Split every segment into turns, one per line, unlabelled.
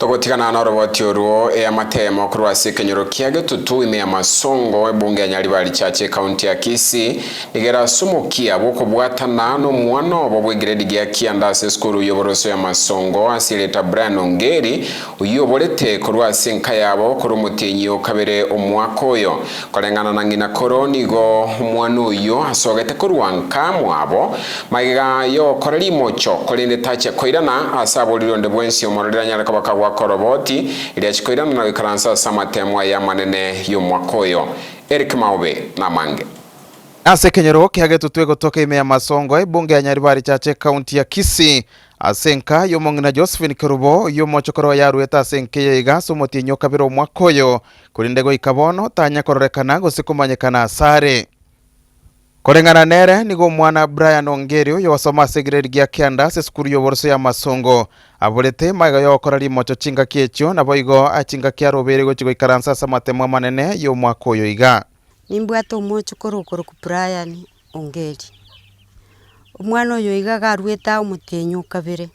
tugutigana na rovoti uruo ya e matemo kurwasi kinyoro kia gitutu ime ya masongo ebunge ya nyaribari chache kaunti ya kisi nigera sumukia gukubwatana n'omwana obo bw'egiredi gia kiandase sukuru y'oboroso ya masongo asireta Brian Ongeri uyu oborete kurwasi nka yabo kuri omutinyi okabere omwaka oyo korengana na ng'ina koro nigo omwana uyu asogete korwa nka mwabo magega yokoreri mocho korindetache koirana ase aburirwe nde bwensi omororera nyarekobaka gwa koroboti riachikoirana na gikaransa nsasa matemwa ya manene y'omwaka uyo Eric Maube na mange
ase kenyero kiagetu twe gotoka ime ya masongo ebunge eh, ya nyaribari chache kaunti ya kisi asenka yo yomong'ina Josephine Kerubo yomochokoro yarwete ase nke yaiga somotinyo kabira omwaka uyo kurinde goika ikabono tanya kororekana gose kumanyekana asare koreng'ana nere nigo mwana brian ongerio yosoma ase grade gia kenda ase esukuru ya ya masongo aborete maiga yokora rimocho chingaki echio nabo igo achingaki arobeire gochi goikaransa nsasa matemwa manene ya omwaka oyo iga
nimbwate omochokoro okoroku brian ongeri omwana oyo iga garwete omotenyu kabere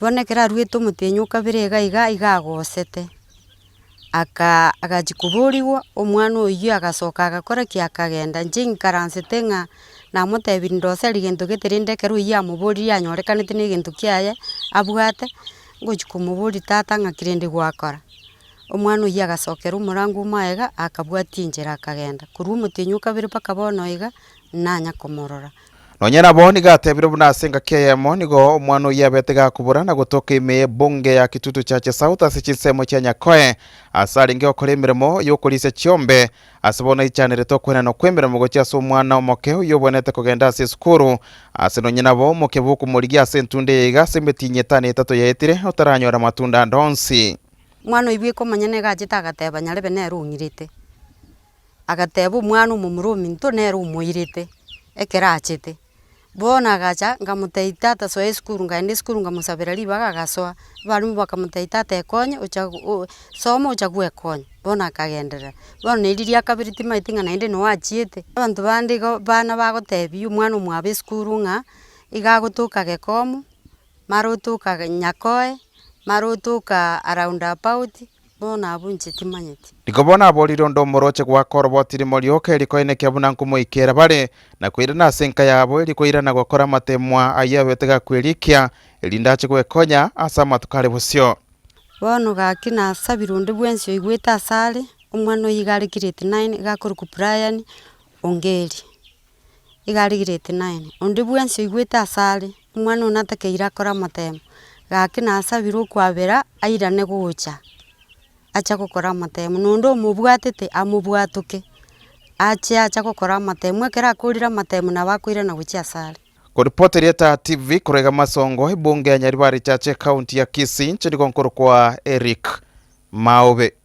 bono ekero arwete omotenyu kabere iga iga iga aka akajikuburiwa omwana uyu agacoka agakora ki akagenda inche nkaransete ng'a namotebiri ndoseri gento getiri ndekeru iye amoboririe anyorekanete na egento kiaye abwate ngochi komoboria tata ng'a kirindi gwakora omwana oyo agacokera omorango omo akabwati akabwatia enchera akagenda korwa omotenyu kabere mpaka bono iga nanya komorora
nonyena bo buna nigatebire bunasenga km nigo omwana uya betega na gutoka imeye bunge ya kitutu cha cha South ase chinsemo chia nyakoe mirimo yo kulise chombe asibona chiombe ase kwena no okwena mugo cha so mwana omoke yo bonete kogenda ase skuru asino nonyena bo omoke bokumorigia ase entunde yeiga ase emiti tato etano etato yaetire otaranyora matunda ndonsi
mwanu ibwe ko mwana oibu ekomanya negachete agateba nyarebe nere ong'irete agateba omwana omomura ominto nere omoirete ekerachete boona gacha nkamutei tata esukuru nkaenda esukuru nkamusabera ribaga agasoa abarimu bakamutei tata ekonye soma ochagua ekonye bono akagenderera bono neri riakabiri ng'a naende no achiete abanto bande go bana bagotebia omwana omwabe esukuru ng'a iga agotoka gekomo mara otoka nyakoe mara otoka around about bona abu nche timanyeti
nikobona aborire undu umoroche gwakora bwatire morioka erikoene kiabuna ngumo ikera bare na kwira na senka yabo erikoira na gwakora matemwa aya wetega kwirikia elindache konya asa matukare busio
bono gakina asa birundu bwensi oigwete asare omwana oyo iga areki grade nine iga akoruku brian ongeri iga ari grade nine onde bwensi oigwete asare omwana oyo natakeire akora matemo gakina asabire okwabera airane gocha acha gukora matemu nundu mubwatite amubwatuke ache acha gukora matemu ekera kurira matemu na wakwire na guchia sare
kuripoteria ta tv kurega masongo ibunge ya nyaribari chache county ya kisii nchini konkuru kwa eric maube